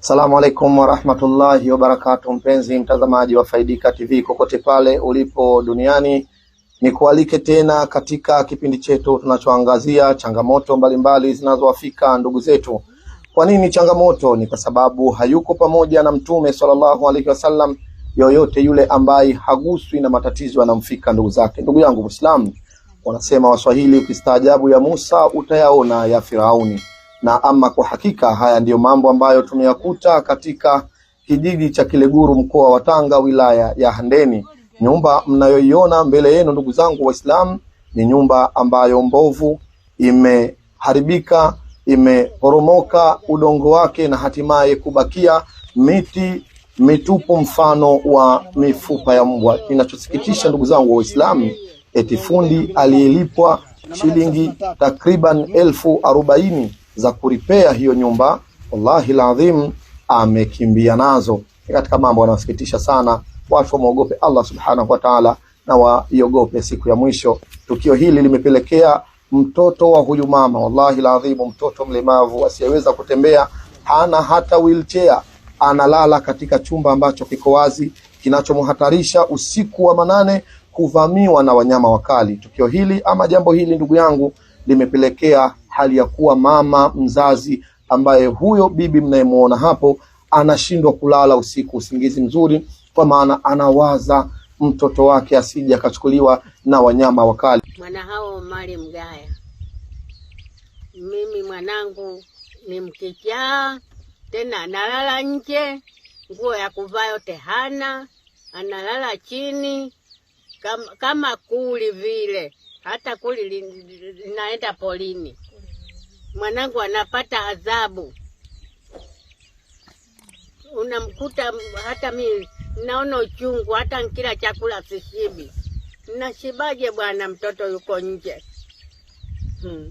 Salamu alaikum warahmatullahi wabarakatu, mpenzi mtazamaji wa Faidika TV kokote pale ulipo duniani, nikualike tena katika kipindi chetu tunachoangazia changamoto mbalimbali zinazowafika ndugu zetu. Kwa nini changamoto? Ni kwa sababu hayuko pamoja na Mtume sallallahu alaihi wasallam yoyote yule ambaye haguswi na matatizo yanamfika ndugu zake. Ndugu yangu Muislamu, wanasema Waswahili, ukistaajabu ya Musa utayaona ya Firauni na ama kwa hakika haya ndiyo mambo ambayo tumeyakuta katika kijiji cha Kileguru mkoa wa Tanga wilaya ya Handeni. Nyumba mnayoiona mbele yenu, ndugu zangu Waislamu, ni nyumba ambayo mbovu, imeharibika, imeporomoka udongo wake na hatimaye kubakia miti mitupu mfano wa mifupa ya mbwa. Kinachosikitisha ndugu zangu Waislamu, eti fundi aliyelipwa shilingi takriban elfu arobaini za kuripea hiyo nyumba, wallahi ladhim amekimbia nazo. katika mambo yanasikitisha sana. Watu wamwogope Allah subhanahu wa ta'ala na waiogope siku ya mwisho. Tukio hili limepelekea mtoto wa huyu mama, wallahi ladhim, mtoto mlemavu asiyeweza kutembea, hana hata wheelchair, analala katika chumba ambacho kiko wazi, kinachomhatarisha usiku wa manane kuvamiwa na wanyama wakali. Tukio hili ama jambo hili, ndugu yangu, limepelekea hali ya kuwa mama mzazi ambaye huyo bibi mnayemwona hapo anashindwa kulala usiku usingizi mzuri, kwa maana anawaza mtoto wake asije akachukuliwa na wanyama wakali. Mwana hao mali mgaya, mimi mwanangu ni mkichaa, tena analala nje, nguo ya kuvaa yote hana, analala chini kama, kama kuli vile, hata kuli linaenda polini mwanangu anapata adhabu, unamkuta hata mi naona uchungu, hata nkila chakula sishibi. Nashibaje bwana, mtoto yuko nje hmm.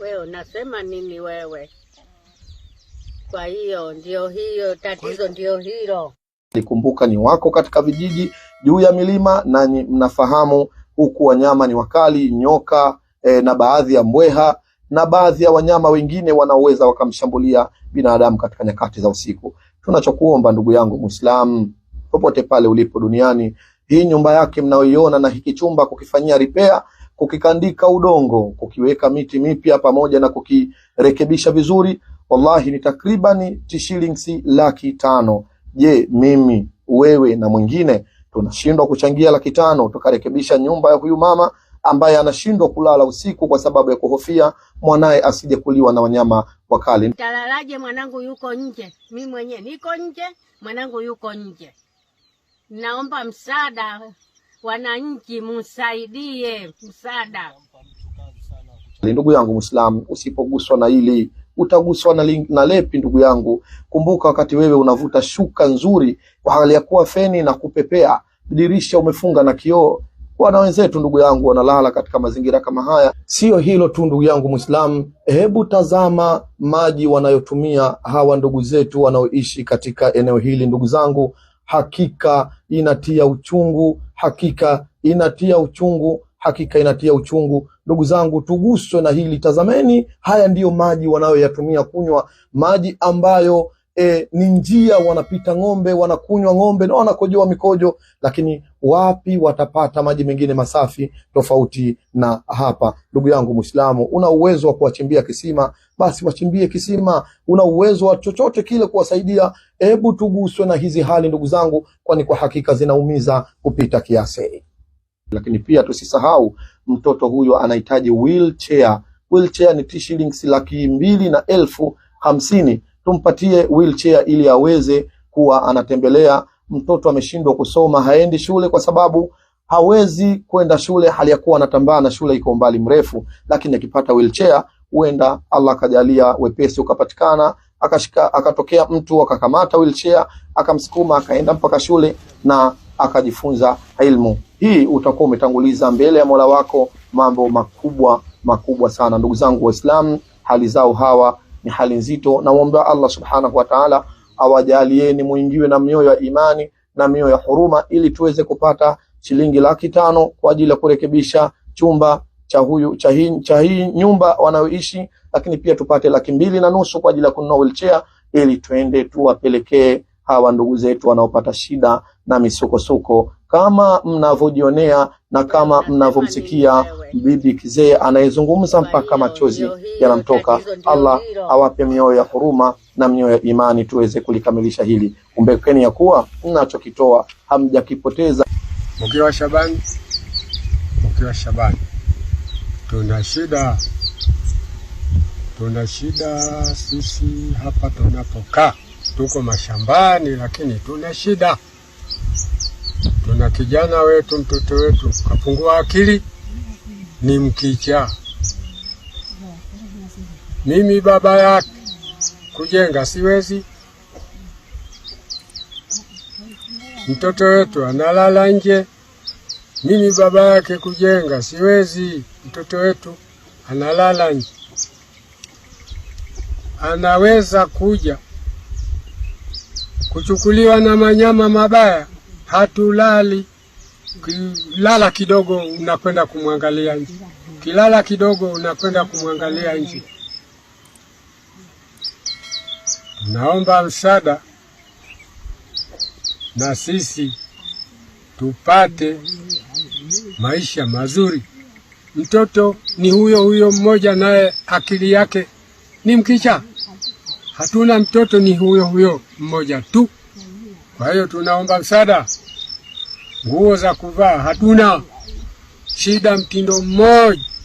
Wewe unasema nini wewe? Kwa hiyo ndio hiyo tatizo, ndio hilo Nikumbuka ni wako katika vijiji juu ya milima, na mnafahamu huku wanyama ni wakali, nyoka e, na baadhi ya mbweha na baadhi ya wanyama wengine wanaoweza wakamshambulia binadamu katika nyakati za usiku. Tunachokuomba ndugu yangu Muislamu, popote pale ulipo duniani, hii nyumba yake mnayoiona na hiki chumba kukifanyia ripea, kukikandika udongo, kukiweka miti mipya pamoja na kukirekebisha vizuri, wallahi ni takribani tishilingi laki tano. Je, mimi wewe na mwingine tunashindwa kuchangia laki tano tukarekebisha nyumba ya huyu mama ambaye anashindwa kulala usiku kwa sababu ya kuhofia mwanaye asije kuliwa na wanyama wakali. Talalaje Mwanangu yuko nje, mi mwenyewe niko nje, mwanangu yuko nje. Naomba msaada, wananchi msaidie, msaada. Ndugu yangu Muislamu, usipoguswa na hili utaguswa na, na lepi. Ndugu yangu, kumbuka wakati wewe unavuta shuka nzuri, kwa hali ya kuwa feni na kupepea, dirisha umefunga na kioo Wana wenzetu ndugu yangu wanalala katika mazingira kama haya. Siyo hilo tu ndugu yangu Muislamu, hebu tazama maji wanayotumia hawa ndugu zetu wanaoishi katika eneo hili. Ndugu zangu, hakika inatia uchungu, hakika inatia uchungu, hakika inatia uchungu. Ndugu zangu, tuguswe na hili. Tazameni, haya ndiyo maji wanayoyatumia kunywa, maji ambayo e, ni njia wanapita ng'ombe, wanakunywa ng'ombe na wanakojoa mikojo, lakini wapi watapata maji mengine masafi tofauti na hapa? Ndugu yangu Muislamu, una uwezo wa kuwachimbia kisima, basi wachimbie kisima. Una uwezo wa chochote kile kuwasaidia. Hebu tuguswe na hizi hali ndugu zangu, kwani kwa hakika zinaumiza kupita kiasi. Lakini pia tusisahau mtoto huyo anahitaji wheelchair. Wheelchair ni shilingi laki mbili na elfu hamsini tumpatie wheelchair ili aweze kuwa anatembelea. Mtoto ameshindwa kusoma, haendi shule kwa sababu hawezi kwenda shule hali ya kuwa anatambaa na shule iko mbali mrefu, lakini akipata wheelchair huenda Allah akajalia wepesi ukapatikana, akashika akatokea mtu akakamata wheelchair akamsukuma akaenda mpaka shule na akajifunza ilmu hii, utakuwa umetanguliza mbele ya Mola wako mambo makubwa makubwa sana. Ndugu zangu Waislamu, hali zao hawa ni hali nzito. Namwombea Allah subhanahu wa ta'ala awajalieni mwingiwe na mioyo ya imani na mioyo ya huruma, ili tuweze kupata shilingi laki tano kwa ajili ya kurekebisha chumba cha huyu cha hii cha hii nyumba wanayoishi, lakini pia tupate laki mbili na nusu kwa ajili ya kununua wheelchair ili tuende tuwapelekee hawa ndugu zetu wanaopata shida na misukosuko, kama mnavyojionea na kama mnavyomsikia bibi kizee anayezungumza mpaka machozi yanamtoka. Allah awape mioyo ya huruma na mioyo ya imani, tuweze kulikamilisha hili. Kumbekeni ya kuwa mnachokitoa hamjakipoteza. Mkiwa wa Shabani, mkiwa Shabani, tuna shida, tuna shida sisi hapa tunapokaa tuko mashambani, lakini tuna shida. Tuna kijana wetu, mtoto wetu kapungua akili, ni mkicha. Mimi baba yake kujenga siwezi. Mtoto wetu analala nje, mimi baba yake kujenga siwezi. Mtoto wetu analala nje, anaweza kuja kuchukuliwa na manyama mabaya, hatulali. Kilala kidogo unakwenda kumwangalia nje, kilala kidogo unakwenda kumwangalia nje. naomba msaada na sisi tupate maisha mazuri. Mtoto ni huyo huyo mmoja, naye akili yake ni mkicha hatuna mtoto, ni huyo huyo mmoja tu. Kwa hiyo tunaomba msaada, nguo za kuvaa hatuna, shida mtindo mmoja